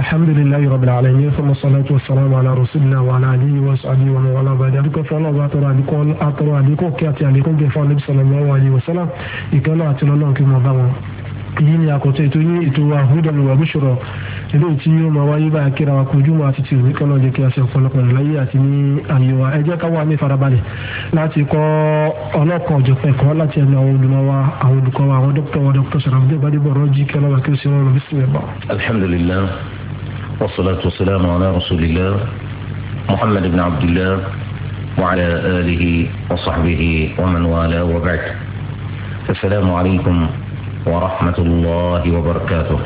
الحمد لله رب العالمين salatu wa salamu على رسولنا وعلى ala alihi wa sahbihi wa wala badi adukọ fún ọlọ́wọ́ atọrọ adikọ atọrọ adikọ kí àti àlékún bẹ fún anabi sallallahu alayhi wa sallam ìkẹlẹ àti lọlọrun kí mo bá wọn èyí ni àkọ́tọ̀ ètò yín ètò wa hudan wa bushra eléyìí tí yóò máa wáyé báyà kíra wa kojú mọ́ àti tìrìbí kan náà jẹ́ kí a ṣe ọ̀pọ̀lọpọ̀ láyé àti ní ààyè wa ẹ ká wà ní ìfarabalẹ̀ láti kọ́ ọlọ́kan ọ̀jọ̀pọ̀ ẹ̀kọ́ láti ẹnu àwọn olùmọ̀ wa àwọn olùkọ́ wa àwọn dókítà wa dókítà sọ̀rọ̀ àbúdé ìbádìbọ̀ rọ́jí kí ọlọ́wà kí ó ṣe wọn lọ bí sílẹ̀ bọ̀. والصلاة والسلام على رسول الله محمد بن عبد الله وعلى آله وصحبه ومن والاه وبعد السلام عليكم ورحمة الله وبركاته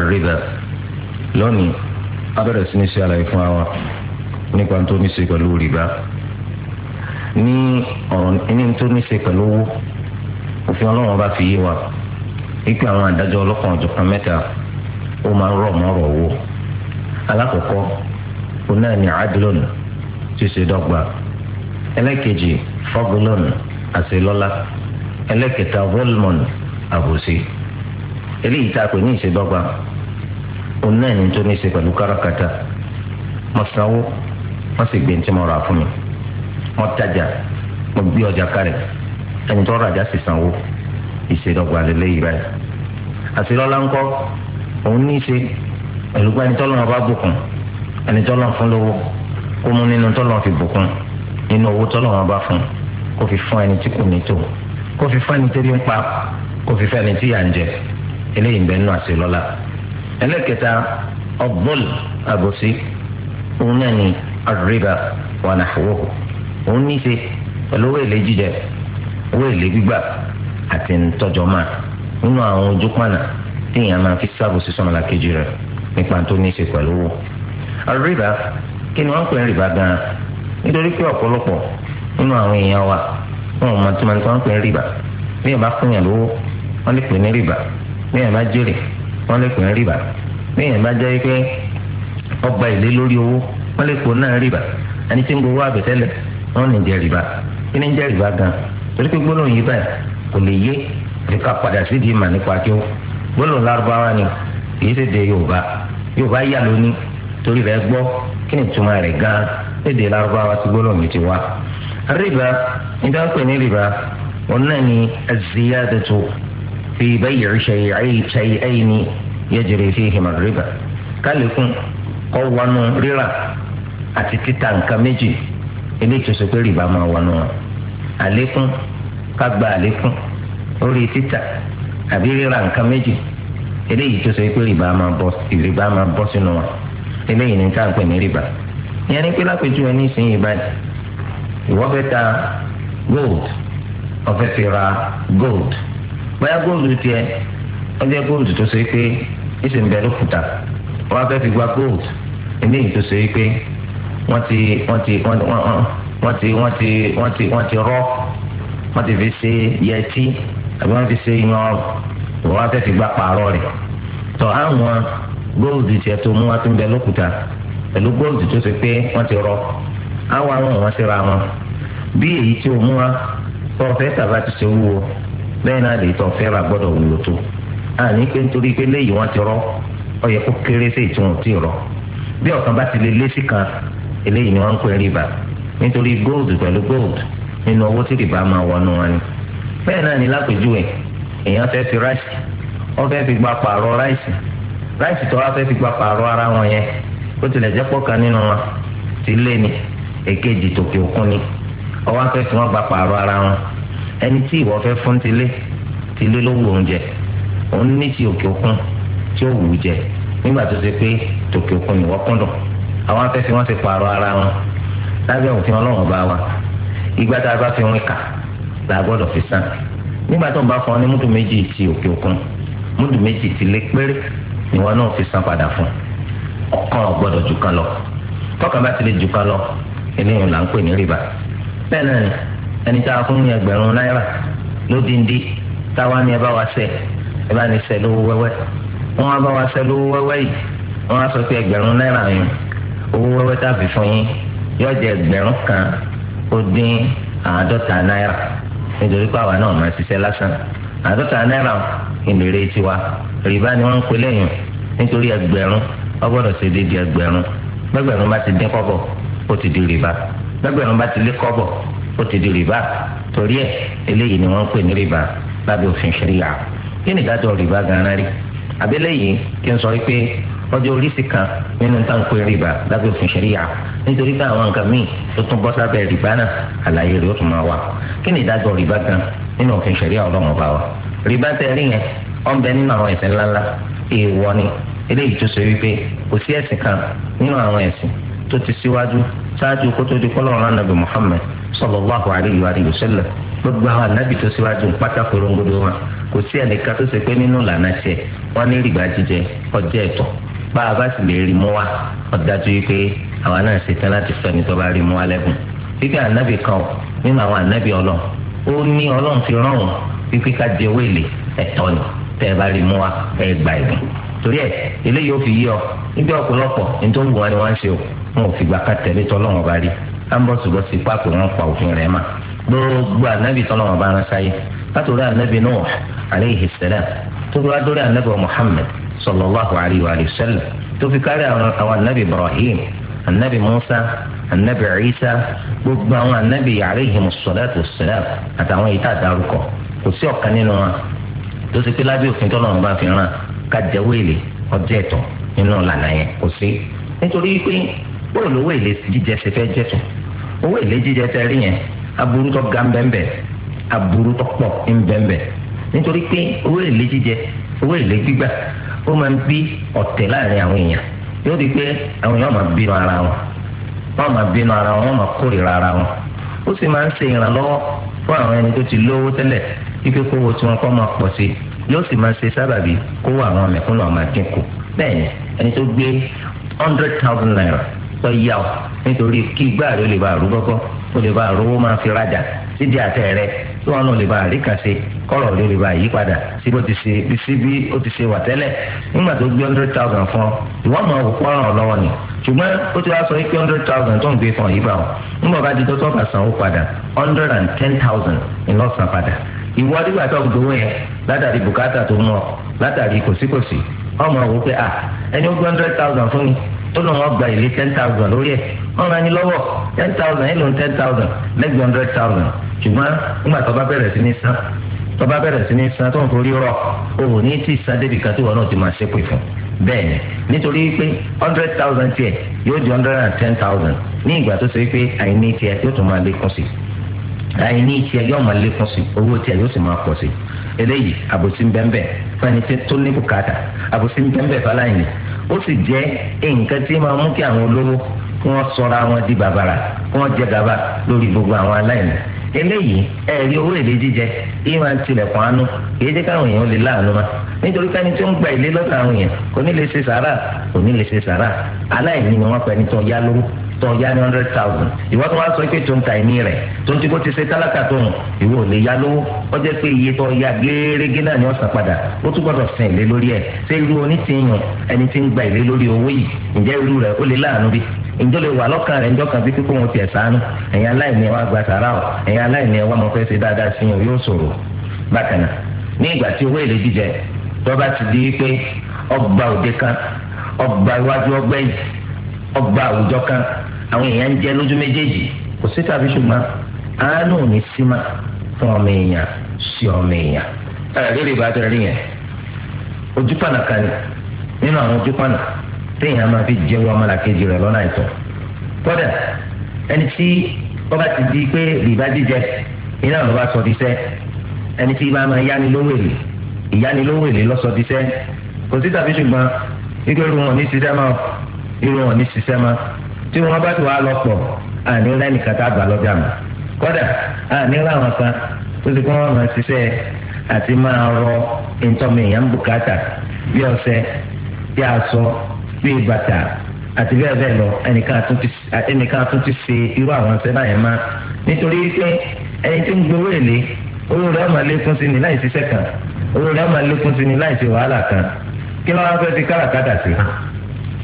الربا لوني أبرز نسي على إفاوة نيكو أنتو نسي قالوا ربا ní ọ̀rọ̀ ní tó ní ṣe pẹ̀lú owó òfin ọlọ́run bá fi yé wa wípé àwọn àdájọ́ ọlọ́kan ọ̀jọ̀kan ala òun náà ní adlon elekeji ṣe dọ́gba eleketa fọ́gùlọ́n àṣelọ́lá volmon àbòsí eléyìí tá a ní ìṣedọ́gba òun náà ní tó ní ṣe pẹ̀lú káràkátà mo sanwó wọ́n sì gbé ní tí mo rà pẹ̀lú pé ẹni tọ́lọ́ wọn bá bùkún ẹni tọ́lọ́ fún lówó kó mú nínú tọ́lọ́ fi bùkún nínú owó tọ́lọ́ wọn bá fún kó fi fún ẹni tí kò ní tó kó fi fún ẹni tẹ́lẹ̀ ń pa kó fi fún ẹni tí yà ń jẹ eléyìí ń bẹ nínú àṣẹ lọ́la ẹlẹ́kẹta ọ̀gbọ́n àgọ́sí òun náà ni àríbà wà nàfọwọ́ òun ní í ṣe pẹ̀lú owó èlé jíjẹ owó èlé gbígbà àti ntọ́jọ́ máa nínú àwọn ojú pàànà téèyàn máa fi sáàbò sí sọmọlá kejì rẹ̀ nípa tó ní í ṣe pẹ̀lú wò. àríbá kí ni wọ́n ń pè ní rìbá gan-an nítorí pé ọ̀pọ̀lọpọ̀ nínú àwọn èèyàn wa wọn ò mọ tí wọ́n ń pè ní rìbá bí èèyàn bá fún yàn lówó wọ́n lè pè ní rìbá bí èèyàn bá jèrè wọ́n lè pè ní rìbá bí èèyàn bá jẹ́ pé ọgbà ìlé lórí owó wọ́n lè pò náà rìbá ẹni tí ń gbowó àbẹ̀tẹ́lẹ̀ wọ́n lè jẹ rìbá kí ni ń jẹ rìbá gan-an torí pé gbólóhùn yìí báyìí kò lè yé ẹ̀ka padà sídìí mà nípa kí ó gbólóhùn lárúbáwá ni kì í ṣe de Yorùbá yorùbá yà lónìí torí rẹ̀ gbọ́ kí ni ìtumọ̀ rẹ̀ gan lédè lárúbáwá tí gbólóhùn ti wá. rìbá níta ń pè ní rìbá wọn náà ni az-ziyadatu fi bay'i shay'ayni yajri fihima rìbá kálíkùn kọ́ wọnú rírà àti títà nǹkan méjì eléyìí pé rìbá máa wọnú wọn àlékún ká gba àlékún lórí títà àbí rírà nǹkan méjì eléyìí tó sọ pé rìbá máa bọ́ rìbá máa bọ́ sínú wọn eléyìí ní ká ń pè ní rìbá ìyẹn ní pé lápèjúwe ní ìsinyìí báyìí ìwọ fẹ́ ta gold o fẹ́ fi ra gold bóyá góòlù tiẹ̀ ó jẹ́ góòlù tó sọ pé ìsìn bẹ́ẹ̀ ló kùtà wọ́n fi gba gold eléyìí tó sọ pé wọ́n ti wọ́n ti wọ́n ti wọ́n ti wọ́n ti wọ́n ti rọ́ wọ́n ti fi ṣe yẹtí àbí wọ́n fi ṣe yan ọrùn. wọ́n á tẹ̀sí gbà pààrọ̀ rẹ̀ tọ́ àwọn góòlù tiẹ̀ tó mú wá tó ń bẹ lókùúta pẹ̀lú góòlù tó ṣe pé wọ́n ti rọ àwọn àwọn wọn wọn bí èyí tí o mú wá tàbá ti ṣe wúwo bẹ́ẹ̀ náà lè tọ́ ra gbọ́dọ̀ wúwo tó àní pé nítorí pé léyìí wọ́n ti rọ ọ yẹ kó kéré sí ìtumọ̀ tí ì rọ bí ọ̀kan bá ti lè lé èèyàn fẹ́ fi ráìsì wọ́n fẹ́ fi gba pààrọ̀ ráìsì ráìsì tó wá fẹ́ fi gba pààrọ̀ ara wọn yẹn ó tilẹ̀ jẹ́ pọ̀ kan nínú wọn ti lé ni èkejì tòkè òkun ni ọwọ́ fẹ́ fi wọ́n gba pààrọ̀ ara wọn ẹni tí ìwọ́ fẹ́ fún ti lé ti lé ló wù oúnjẹ òun ní ti òkè òkun tí ó wù ú jẹ nígbà tó ṣe pé tòkè òkun ni wọ́n kúndùn àwọn afẹ́ fi wọ́n ti pààrọ̀ ara wọn lábẹ́ òfin ọlọ́run bá wa ìgbà tá a bá fi wọn kà la gbọ́dọ̀ fi san nígbà tó ń bá fún ọ ní múdù méjì ti òkè òkun múdù méjì ti lé péré ìwọ náà fi san padà fún ọ̀kan ọ̀gbọ́dọ̀ jù kan lọ tọ́ka bá ti lè jù kan lọ eléyìí là ń pè ní rìbá bẹ́ẹ̀ náà ni ẹni tá a fún ní ẹgbẹ̀rún náírà lódìndí táwa ni ẹ bá wa ṣe ẹ bá ní ṣe lówó wẹ́wẹ́ wọ́n á bá wa ṣe lówó wẹ́wẹ́ yìí wọ́n á sọ pé ẹgbẹ̀rún náírà yìí owó wẹ́wẹ́ tàbí fún yín yóò jẹ ẹgbẹ̀rún kan ó dín àádọ́ta náírà nítorí pé àwa náà máa ṣiṣẹ́ lásán àádọ́ta náírà ìlérè tiwa rìbá ni wọ́n ń pè lẹ́yìn nítorí ẹgbẹ̀rún ọgbọ́dọ̀ ṣe déédéé ẹgbẹ̀rún gbẹgbẹ̀rún bá ti dín kọ́bọ̀ ó ti di rìbá gbẹgbẹ̀rún bá ti lé kọ́bọ̀ ó ti di rìbá torí ẹ̀ eléyìí ni wọ́n ń pè ní rìbá lábẹ́ òfin ṣẹ̀ríyà kí ni ìdájọ́ rìbá gan-an rí àbẹ́lẹ́yìí kí n sọ wípé ọjọ́ oríṣi kan nínú táǹkì rìbá lábẹ́ òfin ṣẹ̀ríyà nítorí pé àwọn nǹkan míì tó tún bọ́ sábẹ́ rìbá náà àlàyé rẹ̀ ó tún máa wà kí ni ìdájọ́ rìbá gan nínú òfin ṣẹ̀ríyà ọlọ́run ọba wa rìbá tẹ rí yẹn ó bẹ nínú àwọn ẹ̀ṣẹ̀ ńláńlá èèwọ̀ ni eléyìí tó ṣe wípé kò sí ẹ̀sìn kan nínú àwọn ẹ̀sìn tó ti síwájú ṣáájú kó tó di kọ́lọ́run ànábì Muhammad sallallahu alayhi wa sallam gbogbo àwọn ànábì tó síwájú pátákó rongodo wọn kò sí ẹnìkan tó ṣe bá a bá sì lè rí mú wa ọ̀dájú yìí pé àwa náà ṣetán láti sọ ẹni tó bá rí mú wa lẹ́bùn pípẹ́ ànábì kan nínú àwọn ànábì ọlọ́run ó ní ọlọ́run ti rán òun pípẹ́ ká jẹ owó èlé ẹ̀tọ́ ni tẹ́ ẹ bá rí mú wa ẹ gbà ẹ̀bùn torí ẹ eléyìí ó fi yí ọ níbi ọ̀pọ̀lọpọ̀ ní tó ń wù wọn ni wọ́n ń ṣe o wọn ò fìgbà ká tẹ̀lé tọ́lọ́run ọba rí ambọ̀sibọ̀sì pápẹ́ wọn pa òfin rẹ̀ mà gbogbo ànábì tọ́lọ́run ọba rán sáyé látòrí ànábì Nuh alayhi salam tó lọ́wọ́ ànábì Muhammad sallallahu alayhi wa sallam tó fi kárí àwọn anabi ibrahim anabi musa anabi isa gbogbo àwọn anabi alayhimu salatu wassalam àtàwọn yìí tá a dárúkọ kò sí ọ̀kan nínú wọn tó ti pé lábẹ́ òfin tó lọ́nà bá fi ràn ká jẹ́wọ́ èlé ọjọ́ ẹ̀tọ́ nínú ìlànà yẹn kò sí nítorí pé bóòlù lówó èlé jíjẹ ṣe fẹ́ jẹ́tọ̀ owó èlé jíjẹ tẹ rí yẹn aburú tó ga ńbẹ́ńbẹ́ aburú tó pọ̀ ńbẹ́ńbẹ́ nítorí pé owó èlé jíjẹ owó èlé gbígbà ó máa ń bí ọ̀tẹ̀ láàrin àwọn èèyàn yóò di pé àwọn èèyàn máa bínú ara wọn wọ́n máa bínú ara wọn wọ́n máa kórìíra ara wọn ó sì máa ń ṣe ìrànlọ́wọ́ fún àwọn ẹni tó ti lówó tẹ́lẹ̀ kíkẹ́ kówó tí wọ́n kọ́ máa pọ̀ sí yóò sì máa ṣe sábàbí kówó àwọn mẹ̀kúnnù ọ̀ma dínkù bẹ́ẹ̀ ni ẹni tó gbé hundred thousand naira tó yá ọ nítorí kí gbáà rẹ lè bá àrúgbọ́gbọ́ ó lè bá àrówó máa fi rajà sídìí àtẹ̀ rẹ̀ tí wọn náà lè ba àríkà ṣe kọ́rọ̀ lè lè ba yí padà sí bó ti ṣe sí bí ó ti ṣe wà tẹ́lẹ̀ nígbà tó gbé hundred thousand fún ọ ìwọ́n mọ̀ ọ́ pọ́nrán ọ lọ́wọ́ ni ṣùgbọ́n ó ti wá sọ pé hundred thousand tó ń gbé fún ọ yìí bá wọn nígbà bá di tó tọ́ bá san ó padà hundred and ten thousand ìlọ́sàn padà ìwọ nígbà tó gbowó yẹn látàrí bùkátà tó mú ọ látàrí kòsíkòsí ọmọ òun pé à ẹni ó gbé hundred thousand fún mi tó lóun ọgbà èlé ten thousand lórí ẹ̀ wọ́n rán ni lọ́wọ́ ten thousand yìí lòun ten thousand lẹ́gbẹ̀ẹ́ hundred thousand ṣùgbọ́n nígbà tó bá bẹ̀rẹ̀ sí ní san tó bá bẹ̀rẹ̀ sí ní san tó ń torí rọ̀ òun ní tí san débi kan tí wọn náà ti máa ṣépè fún bẹ́ẹ̀ni nítorí pé hundred thousand tiẹ̀ yóò di hundred and ten thousand ní ìgbà tó ṣe pé àìní tiẹ̀ yóò tún máa lékún sí àìní tiẹ̀ yóò máa lékún sí owó tiẹ̀ yóò sì máa pọ̀ sí eléyìí àbòsí bẹ́ẹ̀ bẹ́ẹ̀ fún ẹni tó ní bùkátà àbòsí bẹ́ẹ̀ bẹ́ẹ̀ fún aláìní ó sì jẹ́ nǹkan tí máa mú kí àwọn olówó kí wọ́n sọra wọn di bàbàrà kí wọ́n jẹ gàba lórí gbogbo àwọn aláìní eléyìí ẹ̀rí owó èlé jíjẹ yìí máa ń tilẹ̀kùn àánú kì í jẹ́ káwọn èèyàn lè láàánú ma nítorí káni tó ń gba ilé lọ́dọ̀ àwọn èèyàn kò ní lè ṣe sàárà kò ní lè ṣe sàárà aláìní ni wọ́n pẹ́ ní tó yá lówó tọ ya ní hundred thousand ìwọ́n tó wá sọ pé rẹ rẹ̀ ti ṣe tálákà tó ń ìwọ lè ya lówó ó jẹ́ pé iye tó ya gẹ́gẹ́ náà ni ó san padà ó tún gbọ́dọ̀ san èlé lórí ẹ ṣé irú ẹni ń gba èlé lórí owó yìí ǹjẹ́ irú rẹ̀ ó lè láàánú bí ǹjọ́ lè wà lọ́kàn rẹ̀ ǹjọ́ kan wọn tiẹ̀ sànú ẹ̀yin aláìní ẹ̀ wá gba sàrà ọ̀ ẹ̀yin aláìní ẹ̀ wá mọ̀ fẹ́ ṣe dáadáa sí yàn yóò ṣòro bákan náà ní ìgbà tí owó èlé jíjẹ lọ́ba ti di pé ọgbà òde àwọn èèyàn ń jẹ lójú méjèèjì kò sí tàbí ṣùgbọ́n àánú ní fún ọmọ èèyàn sí ọmọ èèyàn ẹ̀rí rè bá yẹn ojú pànà kan nínú àwọn ojú pànà téèyàn máa fi jẹ́wọ́ ọmọlàkejì rẹ̀ lọ́nà àìtọ́ kódà ẹni tí wọ́n bá ti di pé rìbá jíjẹ iná ló bá sọ di sẹ́ ẹni tí bá máa yánilówó èlé ìyánilówó èlé lọ́sọ sẹ́ kò sí tàbí ṣùgbọ́n tí wọ́n bá ti wà a pọ̀ àní lẹ́nu kàtà àgbà lọ́jà mọ́ kódà àní láwọn kan tó ti kọ́ wọn máa ṣiṣẹ́ àti máa rọ ìtọ́mọ èèyàn bùkátà bí ọṣẹ bí aṣọ bí bàtà àti bẹ́ẹ̀ bẹ́ẹ̀ lọ ẹnìkan tún ti ṣe irú àwọn ọṣẹ báyẹn má nítorí pé ẹni tí ń gbowó èlé sí ni láì ṣiṣẹ́ kan owó rẹ̀ máa sí ni láì ṣe wàhálà kan kí ló wá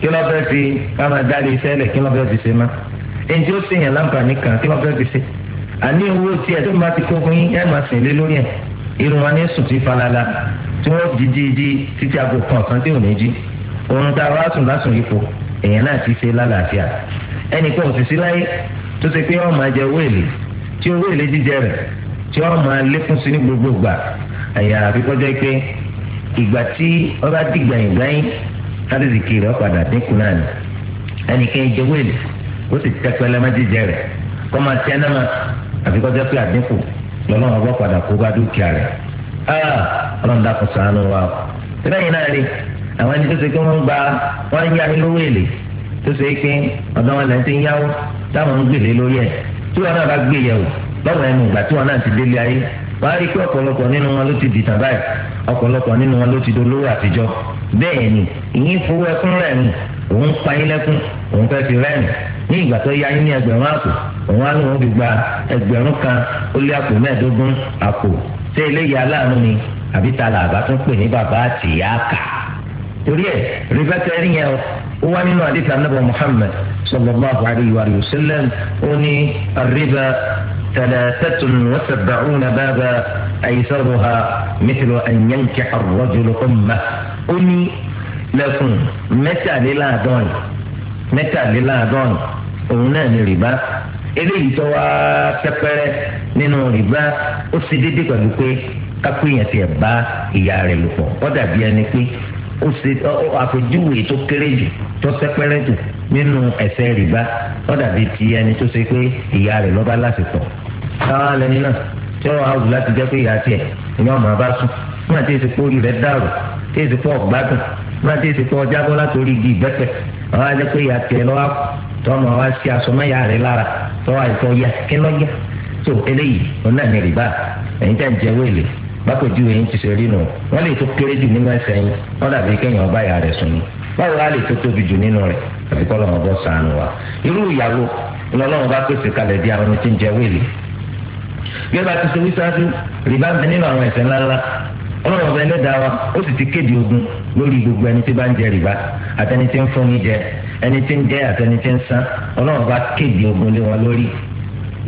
kí ló fẹ́ fi ká máa dárí iṣẹ́ lẹ̀ kí ló fẹ́ fi ṣe má ẹni tí ó sèyàn láǹfààní kan kí ló fẹ́ fi ṣe àní owó tiẹ̀ tó máa ti kó yín ẹ̀ máa sìn lé lórí ẹ̀ irun wọn ní sùn ti falala tí wọ́n di di di títí aago kan kan tí ò ní jí òun tá a wá sùn lásùn yìí kù èèyàn náà ti ṣe lálàáfíà ẹnì kan ò sì sí láyé tó ṣe pé wọ́n máa jẹ owó èlé tí owó èlé jíjẹ rẹ̀ tí wọ́n máa lékún sí ní gbogbo gbà àyà àfikọ́jọ́ pé ìgbà tí ọba dìgbà ìgbà yín kárìsìkì rẹ̀ padà dínkù náà ni ẹnìkan jẹ wéèlì ó sì tẹpẹlẹ mẹjíjẹ rẹ̀ kọ́ máa tẹ́ náà àfi pé àdínkù lọ́lọ́run ọgbọ́ padà kó bá dúkìá rẹ̀ wa o náà rí àwọn ẹni tó ṣe pé gba yá tó ṣe pé wọn ń yáwó táwọn ń lórí tí wọn náà bá gbé ẹnu ìgbà tí wọn náà ti délé ayé á ti dìtàn báyìí bẹ́ẹ̀ ni ìyín fowó ẹkún rẹ̀ ni òun pa yín lẹ́kún òun fẹ́ fi rẹ́ẹ̀nì ní ìgbà tó yá yín ní ẹgbẹ̀rún àpò òun á ní òun fi gba ẹgbẹ̀rún kan ó lé àpò mẹ́ẹ̀ẹ́dógún àpò ṣé eléyìí aláàánú ni àbí ta là bá tún pè ní bàbá àtìyá kà torí ẹ rìbẹ́tẹ̀ rí yẹn ó wá nínú àdìsá nàbà Muhammad sallallahu alayhi wa sallam ó ní àríbá thalathatun wa sab'una ó ní lẹ́kùn mẹ́tàléláàádọ́rin mẹ́tàléláàádọ́rin òun náà ní rìbá eléyìí tó wá pẹ́pẹ́rẹ́ nínú rìbá ó sì dédé pẹ̀lú pé kápẹ́ yẹn tiẹ̀ bá ìyá rẹ̀ lò pọ̀ ó dàbí ẹni pé ó ṣe àpèjúwe tó kéré jù tó pẹ́pẹ́rẹ́ jù nínú ẹ̀ṣẹ̀ rìbá ó dàbí ti ẹni tó ṣe pé ìyá rẹ̀ lọ́ba láti pọ̀ káwá lẹni náà tí wọ́n á wù láti jẹ́ pé ìyá tiẹ̀ ìyá ọmọ bá sùn fún àti èsì pé dàrú tí èsì pọ̀ gbádùn máa tí èsì pọ̀ jábọ́ torí igi ìbẹ́pẹ́ àwọn ajẹ́ pé ìyá tiẹ̀ lọ́wọ́ tọ́mọ wa ṣe àsọmọ́yà rẹ̀ lára tọ́wọ́ àìsàn ya kí lọ́yà tó eléyìí òun náà ní rìbá ẹ̀yin tẹ̀ ń jẹ wéèlè bákojú ẹ̀yin ti ṣe nù wọ́n lè tó kéré jù nínú ẹsẹ̀ wọ́n dàbí kéèyàn ọba ìyá rẹ̀ sùn báwo la ọlọ́run ọba ẹlẹ́dàá wa ó sì ti kéde ogun lórí gbogbo ẹni tí bá ń jẹ rìbá àtẹni tí ń fúnni jẹ ẹni tí ń jẹ àtẹni tí ń san ọlọ́run ọba kéde ogun lé wọn lórí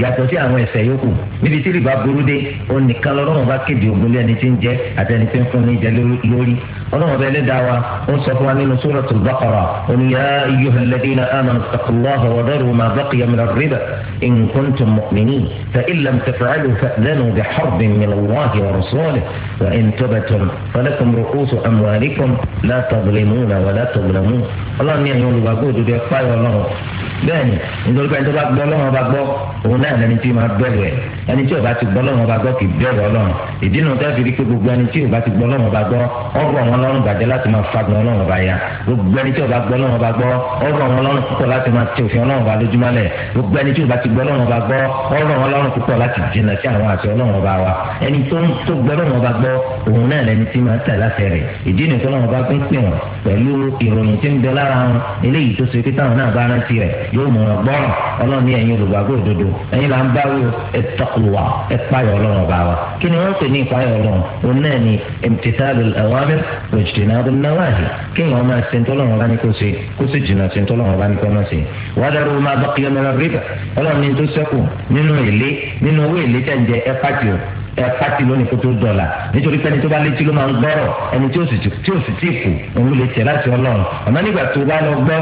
yàtọ̀ sí àwọn ẹ̀ṣẹ̀ yòókù níbi tí rìbá burú dé onìkan lọ́lọ́run bá kéde ogun lé ẹni tí ń jẹ àti ẹni tí ń fún ní jẹ lórí ọlọ́run bá ẹlẹ́dàá wa ó ń sọ fún wa nínú suratul Baqara oníyà ayyuhal ladhina amanu ittaqullaha wa dharu ma baqiya mina riba in kuntum mu'minin fa in lam taf'alu fa'dhanu bi harbin min Allahi wa rasulihi wa in tubtum falakum ru'usu amwalikum la tadlimuna wa la ọlọ́run ní ẹ̀yin olùgbàgbọ́ bẹ́ẹ̀ni nítorí pé ẹni tó bá gbọ́ lọ́wọ́ bá gbọ́ òun náà lẹni tí máa bẹ̀rù ẹ̀ ẹni tí ó bá ti gbọ́ lọ́wọ́ bá gbọ́ kì í bẹ̀rù ọlọ́run ìdí nu tẹ́ fi rí pé gbogbo ẹni tí ó bá ti gbọ́ lọ́wọ́ bá gbọ́ ọ̀rọ̀ wọn lọ́rùn bàjẹ́ láti máa fagbọn ọlọ́run bá ya gbogbo ẹni tí ó bá gbọ́ lọ́wọ́ bá gbọ́ ọ̀rọ̀ wọn lọ́rùn púpọ̀ láti máa ti òfin ọlọ́run bá lójúmọ́lẹ̀ gbogbo ẹni tí ó bá ti gbọ́ lọ́wọ́ bá gbọ́ ọ̀rọ̀ wọn lọ́rùn púpọ̀ láti jìnnà sí taqwa ẹ̀páyọ̀ ọlọ́run ọba wa kí ni wọ́n pè ní ìpáyọ̀ ọlọ́run òun náà ni imtithalul awamir wa ijtinabun nawahi kí wọ́n máa ṣe ntọ́lọ́run ọba ní kó ṣe kó sì jìnnà ṣe ntọ́lọ́run ọba ní kó máa ṣe. wadaru ma baqiya min ar-riba ọlọ́run ní tó ṣẹ́kù nínú èlé nínú owó èlé tẹ̀ ń jẹ ẹ ẹ pati lónìí kó tó dọ̀là nítorí pé ẹni tó bá létí ló máa ń gbọ́rọ̀ ẹni tí ó sì tí kù òun lè tẹ̀ láti ọlọ́run àmọ́ nígbà tó bá lọ gbọ́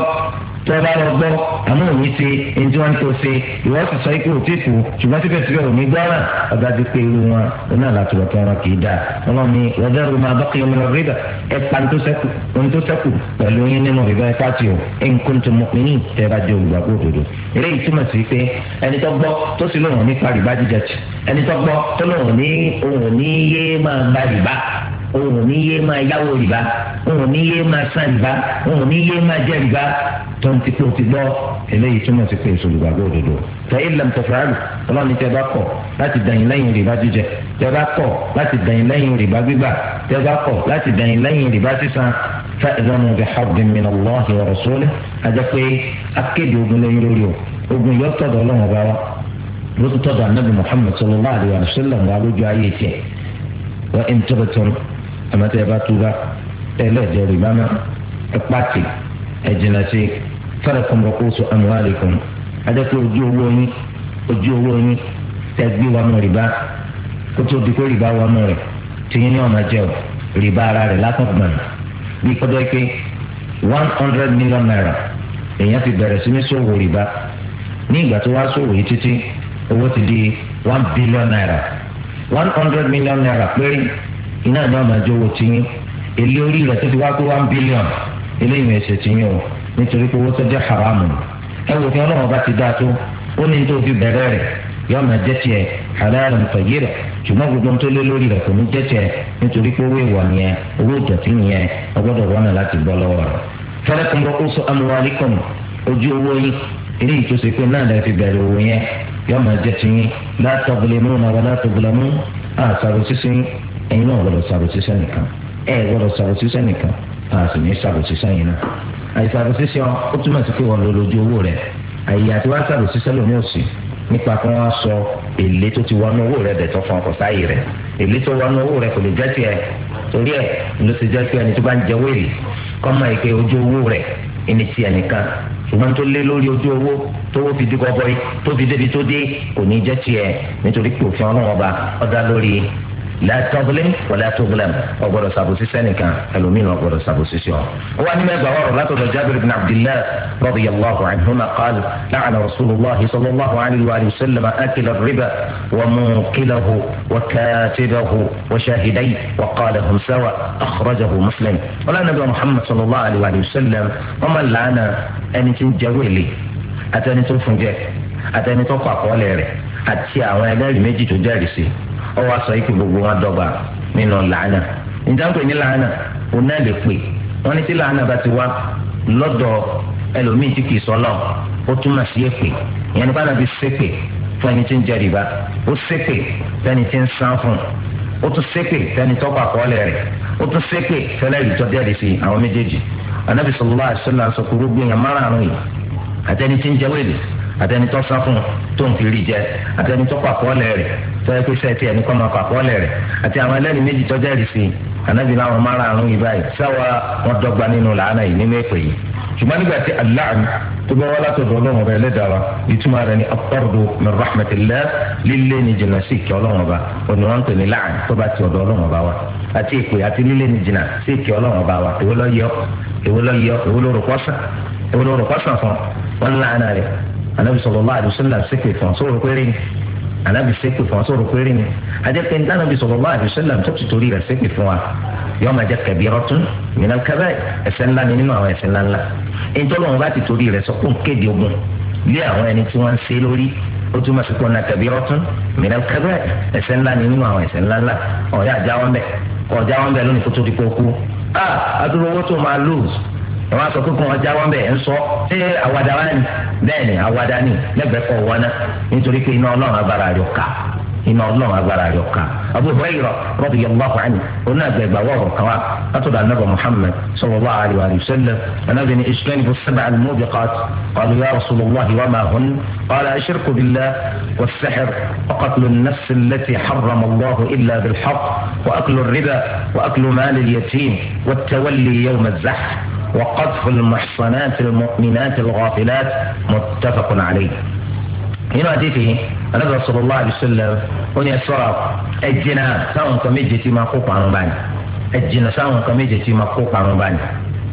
tó o bá lọ gbọ́ àmọ́ òní ṣe ẹni tí wọ́n ń tó ṣe ìwọ sì sọ pé òtí kù ṣùgbọ́n síbẹ̀síbẹ̀ òní gbọ́ràn ọ̀gá ti pé irú wọn oní àlàtúrọ̀ kí wọn kì í dáa ọlọ́run mi wọ́dẹ́ rúmọ abọ́kẹ́ ọmọ rírà ẹ pa ní tó sẹ́kù pẹ̀lú yín nínú ìbá ẹ pàtì o ẹ ń kó tó mọ́kùnrin tẹ́ bá jẹ olùgbàgbọ́ òdodo eléyìí túmọ̀ sí pé ẹni tó gbọ́ tó sì lóun ní parí jíjẹ ẹni tó gbọ́ tó lóun ní ní yé máa gba ìbá òun ò ní yé máa yáwó rìbá òun ò ní yé máa san rìbá òun ò ní yé máa jẹ rìbá tó ń tipó ti gbọ́ eléyìí túmọ̀ sí pé ìṣòlùgbàgbọ́ òdodo tẹ̀yí lẹ́mtẹ̀fẹ́rẹ́lù ọlọ́run ní tẹ́ bá kọ̀ láti dẹ̀yìn lẹ́yìn rìbá jíjẹ tẹ́ bá kọ̀ láti dẹ̀yìn lẹ́yìn rìbá gbígbà tẹ́ bá kọ̀ láti dẹ̀yìn lẹ́yìn rìbá sísan fẹ́ẹ̀dánù bí hàbí mi lọ́wọ́ àmọ́tẹ́ ẹ bá túbà tẹ́lẹ̀ jẹ́rìí mọ́mọ́ ẹ pàtì ẹ jìnnà sí falakum rukusu amwalikum adẹ́kọ̀ ojú owó yín ojú owó yín tẹ́ gbé wa mọ́ rìbá kó tó di pé rìbá wa mọ́ rẹ̀ tìyín ní ọ̀nà jẹ́ o rìbá ara rẹ̀ látọ̀ bí kọjá pé one hundred million naira èèyàn ti bẹ̀rẹ̀ sí ní ṣòwò rìbá ní ìgbà tó wá ṣòwò yìí títí owó ti di one billion naira one hundred million naira péré iná na ọmọ àjọ owó tiyín èlé orí rẹ̀ tó ti wá pé one billion eléyìí o nítorí pé owó tó jẹ́ haramu ẹ wò fún ọlọ́run bá ti dáa tó ó ní tó fi bẹ̀rẹ̀ rẹ̀ yóò máa jẹ́ tiẹ̀ juma nìfẹ̀yẹ́ rẹ̀ ṣùgbọ́n gbogbo tó lé lórí rẹ̀ kò ní jẹ́ tiẹ̀ nítorí pé owó ìwà nìyẹn owó ìdọ̀tí nìyẹn ọgbọ́dọ̀ náà láti bọ́ lọ́wọ́ ojú owó yín eléyìí tó ṣe pé náà lè fi bẹ̀rẹ̀ owó yẹn máa ẹ̀yin náà gbọ́dọ̀ sàbòsíṣẹ́ nìkan ẹ̀ gbọ́dọ̀ sàbòsíṣẹ́ nìkan a sì ní sàbòsíṣẹ́ yìí náà àìsàbòsíṣẹ́ ó túmọ̀ sí pé wọ́n lo lójú owó rẹ̀ àyè àti wá sàbòsíṣẹ́ lòmí ò sí nípa kí wọ́n sọ èlé tó ti wọnú owó rẹ̀ dẹ̀tọ́ fún ọkọ̀ sáyé rẹ̀ èlé tó wọnú owó rẹ̀ kò lè jẹ́ tiẹ̀ torí ẹ̀ ló ti jẹ́ pé ẹni tó bá ń jẹ wéèlì kọ́mọ èké ojú owó rẹ̀ ẹni tiẹ̀ nìkan ṣùgbọ́n tó lé lórí ojú owó tówó fi dé gọbọi tó fi débi tó dé kò ní jẹ́ tiẹ̀ nítorí pé òfin ọlọ́wọ́ba ó dá lórí látọ́gbélé wọlé àtọ́gbélé ọgbọ́dọ̀ sàbòsí sẹ́nìkan ẹlòmínú ọgbọ́dọ̀ sàbòsí sí ọ. wọ́n ní mẹ́gbàá ọ̀rọ̀ látọ̀dọ̀ jábìrì bin abdillah radiyallahu anhuma qala la'ana rasulillah sallallahu alayhi wa sallam akila riba wa munqilahu wa katibahu wa shahidayhi wa qala hum sawa akhrajahu muslim. wọ́n lánàá bí muhammad sallallahu alayhi wa sallam wọ́n máa lánàá ẹni tí ń jẹ́rú èlé àtẹni tó fún jẹ àtẹni tó kọ àkọọ́lẹ̀ rẹ̀ ọwọ́ aṣọ yìí kí gbogbo wọn dọ́gba nínú làánà ìjànpè ní làánà òun náà lè pè wọ́n ní tí làánà bá ti wá lọ́dọ̀ ẹlòmíì tí kì í sọ́lọ̀ ó túmọ̀ sí èpè ìyẹn ní bánà bí ṣépè fún ẹni tí ń jẹ rìbá ó ṣépè fẹ́ni tí ń san fún ó tún ṣépè fẹ́ni tó pa kọ́ọ̀lẹ̀ rẹ̀ ó tún ṣépè fẹ́lẹ́ ìjọ jẹ́rìí sí àwọn méjèèjì anábì sallallahu alaihi gbìyànjú márùn-ún àtẹni tí ń jẹ wéèlì àtẹnitọ́ sá fún tó ń fi rí jẹ àtẹnitọ́ pàkọ́ọ́lẹ̀ rẹ̀ tọ́yẹ pé sẹ́ẹ̀tì ẹ̀ ní kọ́ máa pàkọ́ọ́lẹ̀ rẹ̀ àti àwọn ẹlẹ́rìí méjì tọ́jà rì sí ànábì láwọn márààrún yìí báyìí sáwà wọn dọ́gba nínú làánà yìí nínú èpè yìí ṣùgbọ́n nígbà tí aláàánú tó bá wá látọ̀dọ̀ ọlọ́run rẹ̀ lẹ́dàá ìtumọ̀ rẹ̀ ni akọ́rọ̀dọ̀ min rahmatillah lílé ni jìnnà sí ìkẹ́ ọlọ́run ọba òní wọn ń pè ní láàánú tó bá ti ọ̀dọ̀ ọlọ́run ọba wa àti èpè àti lílé ni jìnnà sí ìkẹ́ ọlọ́run ọba wa èwo ló yọ èwo ló yọ èwo ló rò kọ́sàn èwo ló rò kọ́sàn fún wọn láàánú rẹ̀ anabi sallallahu alaihi wasallam ṣépè fún sóòrò péré ni anabi ṣépè fún sóòrò péré ni àjẹpẹ ní anabi sallallahu alaihi wasallam tó ti torí rẹ̀ ṣépè fún wa yọọ ma jẹ kabiratun minal kabair ẹ̀ṣẹ̀ ńlá ni nínú àwọn ẹ̀ṣẹ̀ ńlá ńlá ntọ́lọ́ wọn bá ti torí rẹ̀ sọ fún kéde ogun lé àwọn ẹni tí wọ́n ń ṣe o ó tún ma sọ̀kọ́ náà kabiratun minal kabair ẹ̀ṣẹ̀ ńlá ni nínú àwọn ẹ̀ṣẹ̀ ńlá ńlá ọ̀yà àjáwọ́n bẹ̀ ọ̀jáwọ́n bẹ̀ lónìí kó di kó kú. a ah, àdúrà owó tó máa lose ẹ wá sọ pé kò wọn jáwọ́ bẹ́ẹ̀ ń sọ ṣé àwàdà wa ni bẹ́ẹ̀ ni àwàdà ni lẹ́gbẹ̀ẹ́ kọ̀ wọ́n náà nítorí pé iná ọlọ́run agbára rẹ̀ ká iná ọlọ́run agbára rẹ̀ ká Abu Hurairah radiyallahu anhu onáàgbẹ̀gbà wọ̀rọ̀ kan wa látọ̀dọ̀ anábọ̀ Muhammad sallallahu alayhi wa sallam anábì ni ishtanibu as-sab'a al-mubiqat qalu ya rasulullah wa ma hun qala ashirku billah والسحر وقتل النفس التي حرم الله إلا بالحق وأكل الربا وأكل مال اليتيم والتولي يوم الزحف وقذف المحصنات المؤمنات الغافلات متفق عليه هنا حديثه أن رسول الله صلى الله عليه وسلم أن يسرى الجنة سواء كميجة مقوقة عن بان الجنة سواء كميجة مقوقة عن بان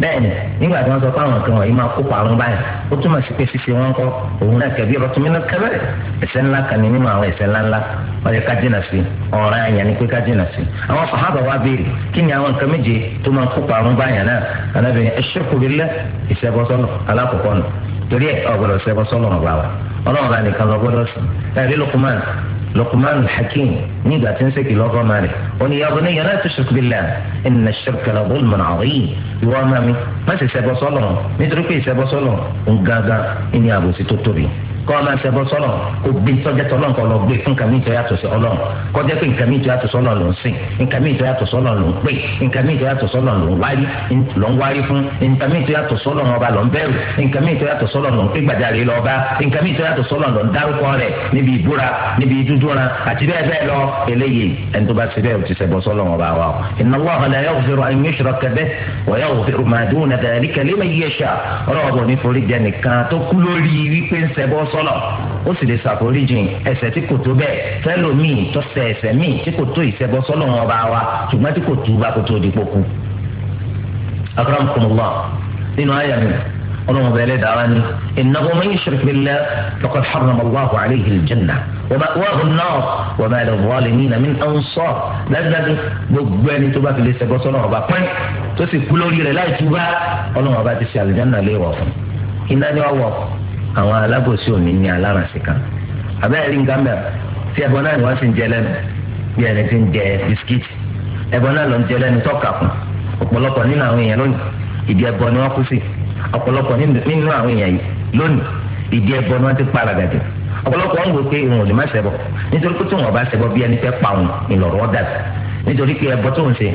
bẹ́ẹ̀ni nígbà tí wọn sọ pé àwọn kan wọ̀nyí máa kópa àrùn báyìí ó túmọ̀ sí pé ṣíṣe wọn kọ òun náà kẹbi ọtún mi náà ńlá kan ní nínú àwọn ẹ̀ṣẹ̀ ńlá ńlá ó yẹ ká jìnnà sí ọ̀ràn àyàn ni pé ká jìnnà sí àwọn sàhábà wa béèrè kí ni àwọn nǹkan méje tó máa kópa àrùn báyìí náà anábìyẹn ẹṣẹ kò lè lẹ ìṣẹbọsọlọ alákọọkọ ẹ ọgbọdọ ìṣẹbọsọlọ ọgbà Luqman Hakim nígbà tí ń sèkì lọ́kọ́ máa rẹ̀ ó ní yàgò ní yàrá tó ṣèkú bílẹ̀ inna ash-shirka la dhulmun adheem ìwọ ọmọ mi má sì ṣẹbọ sọ́lọ̀ nítorí pé ìṣẹbọ sọ́lọ̀ ń gángan ní àbòsí tó tóbi kọ́ ọ máa ṣẹbọ sọ́nà kó gbé tọ́jẹ́ tọ́lọ́ nǹkan lọ gbé fún nǹkan mìíràn yàtọ̀ sí ọlọ́run kọjá pé nǹkan mìíràn yàtọ̀ sọ́nà ló ń sìn nǹkan mìíràn yàtọ̀ sọ́nà ló ń pè nǹkan mìíràn yàtọ̀ sọ́nà ló ń wárí ló ń wárí fún nǹkan mìíràn yàtọ̀ sọ́nà ọba ló ń bẹ̀rù nǹkan mìíràn yàtọ̀ sọ́nà ló ń pè gbàjarè lọ́ba nǹkan mìíràn yàtọ̀ sọ́nà ló ń dárúkọ rẹ̀ níbi ìbúra níbi ìdúdúra àti bẹ́ẹ̀ bẹ́ẹ̀ lọ eléyìí ẹni tó bá ṣe bẹ́ẹ̀ ti ṣẹbọ sọ́nà ọba wa o inna Allaha la yaghfiru an yushraka bihi wa yaghfiru ma duna dhalika liman yasha ọlọ́wọ́ sọ́nà ó sì lè ṣàforíjìn ẹ̀ṣẹ̀ tí kò tó bẹ́ẹ̀ fẹ́lòmíì tó ṣẹ̀ ẹ̀ṣẹ̀ míì tí kò tó ìṣẹbọ sọ́nà wọn bá wa ṣùgbọ́n tí kò tú bá kó tó di kókó. akramakumullah nínú àyà mi ọlọ́run bẹ̀rẹ̀ dára ni innahu man yushrik billahi faqad harrama Allahu alayhi al-janna wa ma'wahu an-nar wa ma lil-zalimina min ansar gbogbo ẹni tó bá fi lè ṣẹbọ sọ́nà ọba pẹ́ẹ́n tó sì kú lórí rẹ̀ láì túbá ọlọ́run ọba ti ṣe àlùjánnà léèwọ̀ fún iná ni wọ́n wọ̀ àwọn alábòsí òní ní aláràǹsì kan àbẹ́rẹ́ rí nǹkan bẹ́ẹ̀ tí ẹ̀bọ náà ni wọ́n sì ń jẹ lẹ́nu bí ẹni tí ń jẹ bisikíìtì ẹ̀bọ náà ló ń jẹ lẹ́nu tọ́ka kù ọ̀pọ̀lọpọ̀ nínú àwọn èèyàn lónìí ìdí ẹ̀bọ ni wọ́n kú sí ọ̀pọ̀lọpọ̀ nínú àwọn èèyàn yìí lónìí ìdí ẹ̀bọ ni wọ́n ti pa àràgàjẹ́ ọ̀pọ̀lọpọ̀ ń wò pé òun ò lè má ṣẹbọ nítorí pé tí wọn bá ṣẹbọ bí ẹni fẹ́ pa òun ìlọ̀rọ̀ dàbí nítorí pé ẹbọ tó ń ṣe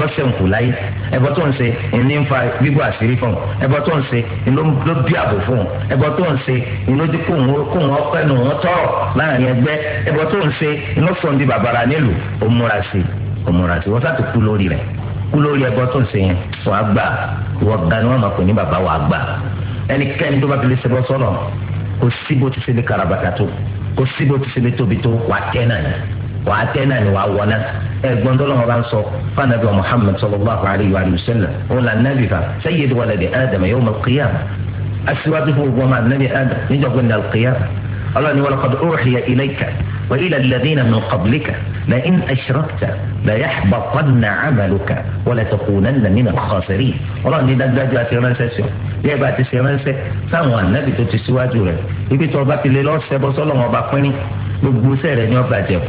lọ́sẹ̀ ń kù láyé ẹbọ tó ń ṣe ní ń fa gbígbó àṣírí fún un ẹbọ tó ń ṣe ló bí ààbò fún un ẹbọ tó ń ṣe ló dí kóhùn ọpẹnu wọn tọrọ láàrin ẹgbẹ́ ẹbọ tó ń ṣe ló sọ ní bàbára nílùú òmùra sí òmùra sí wọn sàtò kú lórí rẹ kú lórí ẹbọ tó ń ṣe yẹn wàá gbà wọ́n gbà ni wọ́n máa pè ní bàbá wàá gbà ẹnikẹ́ni tó bá fi lè ṣẹbọ sọ̀rọ̀ kò wàá tẹ́ náà ni wàá wọ náà ẹ̀gbọ́n tó lọ́wọ́ bá ń sọ fanabi wa muhammed sallallahu alayhi wa sallam òun là nàbì fa sayyidu waladi adam yawm al-qiyam aṣíwájú fún gbọmọ anabi adam níjọba ní al-qiyam ọlọ́ni wa laqad uhiya ilayka wa ila alladhina min qablika la'in ashrakta la yahbatanna 'amaluka wa la takunanna min al-khasirin ọlọ́ni dájúdájú àti ránṣẹ́ sọ yẹ bá ti ránṣẹ́ sáwọn anabi tó ti ṣíwájú rẹ̀ ibi tí ọba ti lè lọ́ọ́ ṣẹbọ sọ́lọ́wọ́n ọba pínrín gbogbo sẹ́rẹ̀ ni ọba jẹun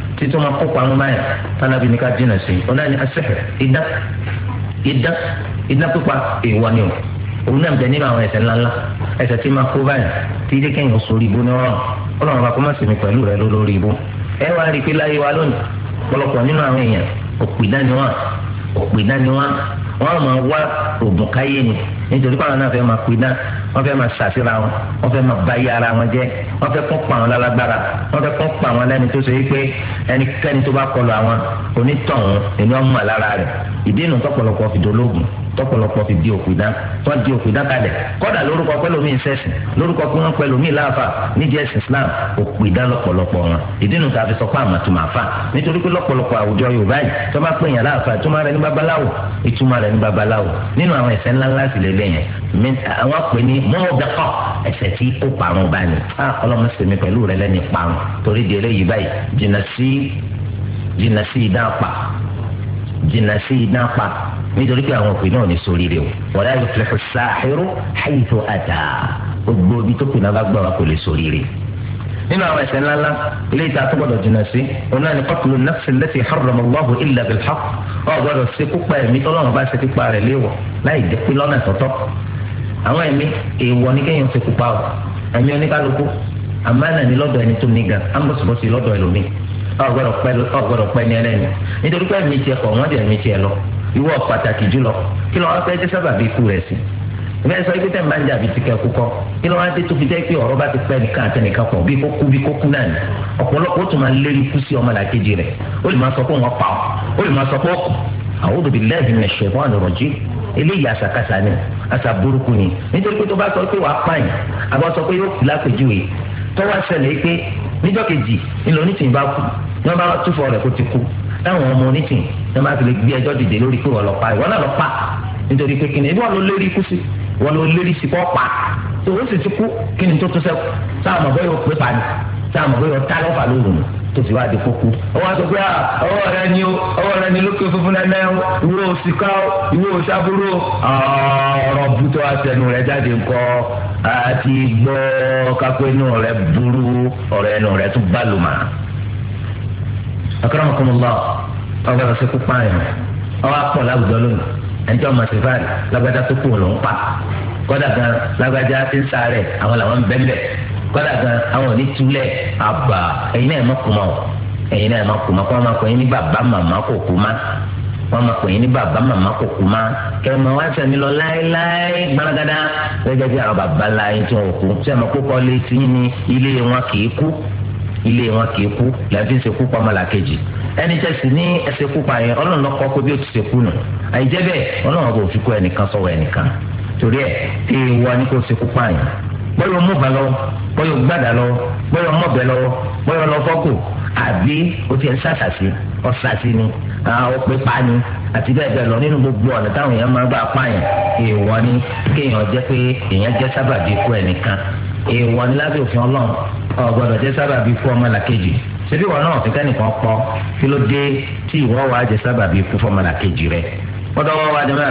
títí wọn kó pamọ́ báyà tálábì ní ká dínà sí ọ̀nà ni asẹ́fẹ̀ idán idán idán pípa èèwọ̀ ni o òun náà bẹ nínú àwọn ẹ̀ṣẹ̀ ńláńlá ẹ̀ṣẹ̀ tí máa kó báyà tí ilé kẹyìn sórí ibú ní ọrùn Ọlọ́run bá kó má sèmi pẹ̀lú rẹ lórí ibú ẹ wá rí i pé láyé wa lónìí pọ̀lọpọ̀ nínú àwọn èèyàn òpìdán ni wọn òpìdán ni wọn wọn máa wá òògùn káyé ni nítorí pàrọ̀ náà fẹ́ máa pìdán wọ́n fẹ́ máa ṣàfihàn wọn wọ́n fẹ́ máa báyé ara wọn jẹ́ wọ́n fẹ́ kún pa àwọn lálágbára wọ́n fẹ́ kún pa àwọn lẹ́ni tó ṣe wípé ẹnikẹ́ni tó bá kọlu àwọn onítọ̀hún ẹni ọmọ lára rẹ̀ ìdí inú tọpọlọpọ fi dológun tọpọlọpọ fi di òkúdá tó di òkúdá kalẹ̀ kódà lórúkọ pẹlòmíì sẹsìn lórúkọ pé wọn pẹlòmíì láàfà nídìí ẹsìn Islam òkúdá lọ́pọ̀lọpọ̀ wọn ìdí inú tàbí sọ pé àmàtúmọ̀ àfà nítorí pé lọ́pọ̀lọpọ̀ àwùjọ Yorùbá yìí tó bá pè yàn láàfà ìtumọ̀ rẹ̀ ní babaláwo ìtumọ̀ rẹ̀ ní babaláwo nínú àwọn ẹ̀ṣẹ̀ ńláńlá sì lélẹ̀ yẹn àwọn pè ní mọ́ọ̀bẹ́kọ̀ ẹ̀ṣẹ̀ tí ó parun bá ní ah, ọlọ́mọ sèmi pẹ̀lú rẹ̀ lẹ́ni parun torí di eléyìí báyìí jìnnà sí jìnnà sí idán pa jìnnà sí idán pa nítorí pé àwọn òpè náà ní sóríire o wala yuflihu as-sahiru haythu ata gbogbo ibi tó pinna bá gbà wá kò lè sóríire nínú àwọn ẹ̀ṣẹ̀ ńláńlá ilé ìta tó gbọ́dọ̀ jìnnà sí òun náà ni qatlu an-nafs allati harrama Allahu illa bil-haqq ọ gbọ́dọ̀ sí pípa ẹ̀mí tọ́lọ́run bá ṣe pípa rẹ̀ léèwọ̀ láì jẹ́ pé lọ́nà tọ́tọ́ àwọn ẹ̀mí èèwọ̀ ni kéèyàn ṣe pípa ọ ẹ̀mí oníkálukú àmánà ni lọ́dọ̀ ẹni tó ní gan ambosibosi ẹlòmíì ọ̀gbọ́dọ̀ pẹ́ ní ẹlẹ́yìn nítorí pé ẹ̀mí tiẹ̀ kọ̀ wọ́n dẹ̀ ẹ̀mí tiẹ̀ lọ ìwọ pàtàkì jùlọ kí ló wá fẹ́ jẹ́ sábàbí ikú rẹ̀ sí ìfẹ́ sọ ibi tẹ̀ ń bá ń jà bí ti kẹ́ kúkọ́ kí ló wá dé tó fi jẹ́ pé ọ̀rọ̀ bá ti pẹ́ nìkan àti nìkan pọ̀ bí kókú bí kókú náà ni ọ̀pọ̀lọpọ̀ ó tún máa lérí kú sí ọmọ làkejì rẹ̀ ó lè máa sọ pé wọ́n pa ọ́ ó lè máa sọ pé ó kù a'udhu billahi minash shaitanir rajim eléyìí àṣàkáṣà ni àṣà burúkú ni nítorí pé tó bá sọ pé wàá pààyàn àbọ̀ sọ pé yóò kú lápèjúwe tó wá pé níjọ́ kejì ńlọ onítìyìn bá kú ní wọ́n bá túfọ̀ rẹ̀ kó ti kú táwọn ọmọ onítìyìn ní wọ́n bá ti lè gbé ẹjọ́ dìde lórí pé wọ́n lọ pa ìwọ́n náà lọ pa nítorí pé kíni ìwọ́n ló lérí kú sí wọ́n ló lérí sí kọ́ pa tó o sì ti kú kíni tó tó sẹ́kù táwọn ọmọ bẹ́ẹ̀ yóò pé pa ni táwọn ọmọ bẹ́ẹ̀ yóò tá lọ́fà lóru nù tó ti wá di kókó. ọwọ́ àti pé ah, ọwọ́ rẹ ni ọwọ́ rẹ ni lókè àti gbọ́ kápẹ́ inú rẹ̀ burú ọ̀rẹ́ inú rẹ̀ tún bá lùmà. akramakumullah ọgbà lọ sí kópa yẹn ọwọ́ ọrụ láwùjọ lónìí ẹnjọ́ màtífàlì lágbájá tó kù ló ń pa kọ́dà gan lágbájá ti ń sáré àwọn làwọn ń bẹ́ńbẹ́ kọ́dà gan àwọn ò ní túlẹ̀ àbà ẹ̀yin náà ẹ̀ má ẹ̀yin náà ẹ̀ má kọ́ wọn máa pè ní bàbá màmá kò kú má kẹ́ wá sẹ́ni lọ láéláé gbaragada gẹ́gẹ́ bí àwọn bàbá láyé tí wọn kú sẹ́ni ní ilé wọn kì kú ilé wọn kì í kú làbí ń sekú kejì ẹni tẹ́ sì ní ẹsẹ̀ yẹn ọlọ́run lọ́kọ́ bí ti nù bẹ́ẹ̀ ọlọ́run kò fi ẹnìkan sọ̀rọ̀ ẹnìkan torí àwọn ah, pípa ni àti bẹ́ẹ̀ bẹ́ẹ̀ lọ nínú gbogbo ọ̀nà táwọn èèyàn máa ń gbà pààyàn èèwọ̀ ni kéèyàn jẹ́ pé èèyàn jẹ́ sábàbí ikú ẹnìkan èèwọ̀ ni lábẹ́ òfin ọlọ́run ọ̀gbọ́dọ̀ jẹ́ sábàbí ikú ọmọlàkejì ṣebí wọn náà fìkẹ́ nìkan pọ̀ kí ló dé tí ìwọ wà á jẹ́ sábàbí ikú fọmọlàkejì rẹ ọ̀dọ̀ wọn wá jọmọ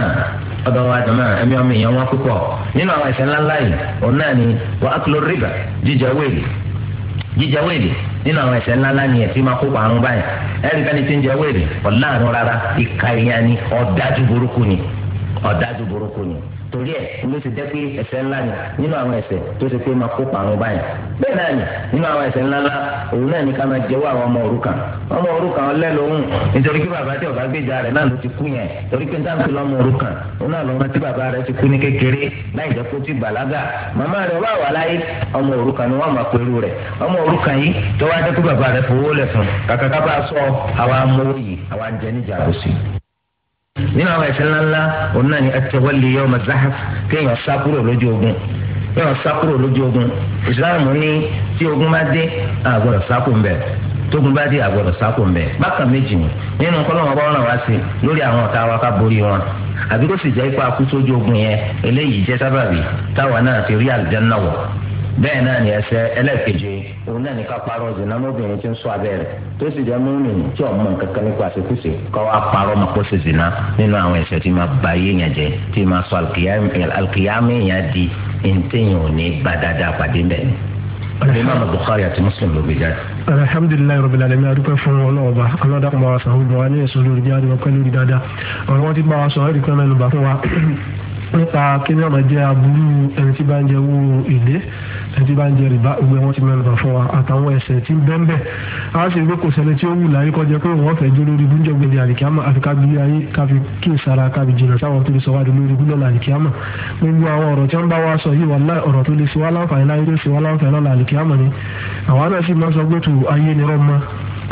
ọ̀dọ̀ wọn wá jọmọ ẹ̀mí ọmọ èèyàn wọn púpọ̀ nínú àwọn ẹ̀ṣẹ̀ ńláńlá yìí òun náà ni wàá kúló rìbà jíjẹ wéèlì jíjẹ wéèlì nínú àwọn ẹ̀ṣẹ̀ ńláńlá ni ẹ̀fí máa kó parun báyìí ẹ̀rí kan ní ń jẹ wéèrè ọ̀làánú rárá ìka ìyá ni ọ̀dájú burúkú ni ọ̀dájú burúkú ni. torí ẹ ló ti jẹ́ pé ẹ̀ṣẹ̀ ńlá ni nínú àwọn ẹ̀ṣẹ̀ tó ti pé máa kópa àwọn báyìí bẹ́ẹ̀ náà ni nínú àwọn ẹ̀ṣẹ̀ ńlá ńlá òun náà ní ká máa jẹ́wọ́ àwọn ọmọ òrukàn ọmọ òrukàn ọlẹ́lóhùn nítorí pé bàbá tí ọba gbèjà rẹ náà ló ti kú yẹn torí pé ti kú ní kékeré láì ti màmá wà wà láyé ọmọ òrukàn ni wọ́n máa pẹ̀lú nínú àwọn ẹ̀ṣẹ̀ ńláńlá òun náà ni atẹwọlì yọmọ zahaf kéèyàn sá kúrò lójú ogun kéèyàn sá kúrò lójú ogun ìsìláàmù ní tí ogun bá dé àgbọ́dọ̀ sákò ńbẹ tógun bá dé àgbọ́dọ̀ sákò ńbẹ bákan méjì ni nínú kọlọmọ bá ràn wá sí lórí àwọn ọ̀tá wa ká borí wọn àbí sì jẹ́ ipa kú sójú ogun yẹn eléyìí jẹ́ sábàbí táwa náà fi rí àlùjánnà wọ̀ bẹ́ẹ̀ náà ni ẹsẹ̀ ẹlẹ́ẹ̀keje òun náà ní ká parọ́ zina mọ́bìnrin tí ń sọ abẹ́ rẹ̀ tó sì jẹ́ mọ́mìn tí ọmọ nǹkan kan nípa àṣekúṣe kọ́ wa parọ́ mọ́ kó sì zina nínú àwọn ẹsẹ̀ tí máa ba ayé yẹn jẹ tí máa sọ alkiyami yẹn di ntẹ̀yìn òní gbadada pàdé mẹ́rin. alimami Bukhari àti Muslim ló gbé jáde. alhamdulilayi rabil alamin adúpẹ́ fún ọlọ́ọ̀ba ọlọ́dàkùnmọ́ wa sàhùn bọ̀ wá ní èso lórí bí adúpẹ́ lórí dáadáa ọ̀rọ̀ wọn ti bá wa sọ ẹ̀rí pẹ́ ẹtí bá ń jẹ rìbá gbogbo wọn ti mẹ́rin fún wa àtàwọn ẹ̀ṣẹ̀ tí ń bẹ́ńbẹ́ a ṣe pé kò sẹ́ni tí ó wù láyé kọjá pé wọ́n fẹ́ jó lórí ibùjọ́ gbèdé àlìkíámà àfi ká bí ayé káfi kí ìsara kábi jìnnà sáwọn tó lè sọ wá di lórí ibùjọ́ àlìkíámà gbogbo àwọn ọ̀rọ̀ tí wọ́n bá wa sọ yìí wà láì ọ̀rọ̀ tó lè ṣe wá láǹfààní láyé tó ṣe wá láǹfààní lọ́la àlìkíámà ni àwọn náà sì máa sọ pé tù ayé ni rọ́ọ̀mà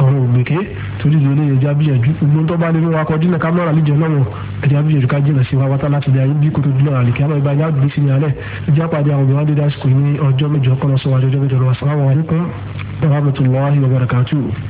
ọ̀rọ̀ ògbèké torí ìdílé ẹja bíyànjú gbogbo tó bá ní wíwá kọ dínà ká mọ́ra níjẹ lọ́wọ́ ẹja bíyànjú ká jìnà sí wa wátá láti dá ibi kò tó dínà àlìkí àmọ́ ìbá yáàdùn sí ní alẹ́ ìjà pàdé àwọn obìnrin adédásíkò ní ọjọ́ mẹ́jọ kọ́nà sọ wájú ọjọ́ mẹ́jọ lọ́wọ́ sàlámù alaykum wa rahmatulahi wa barakatuhu.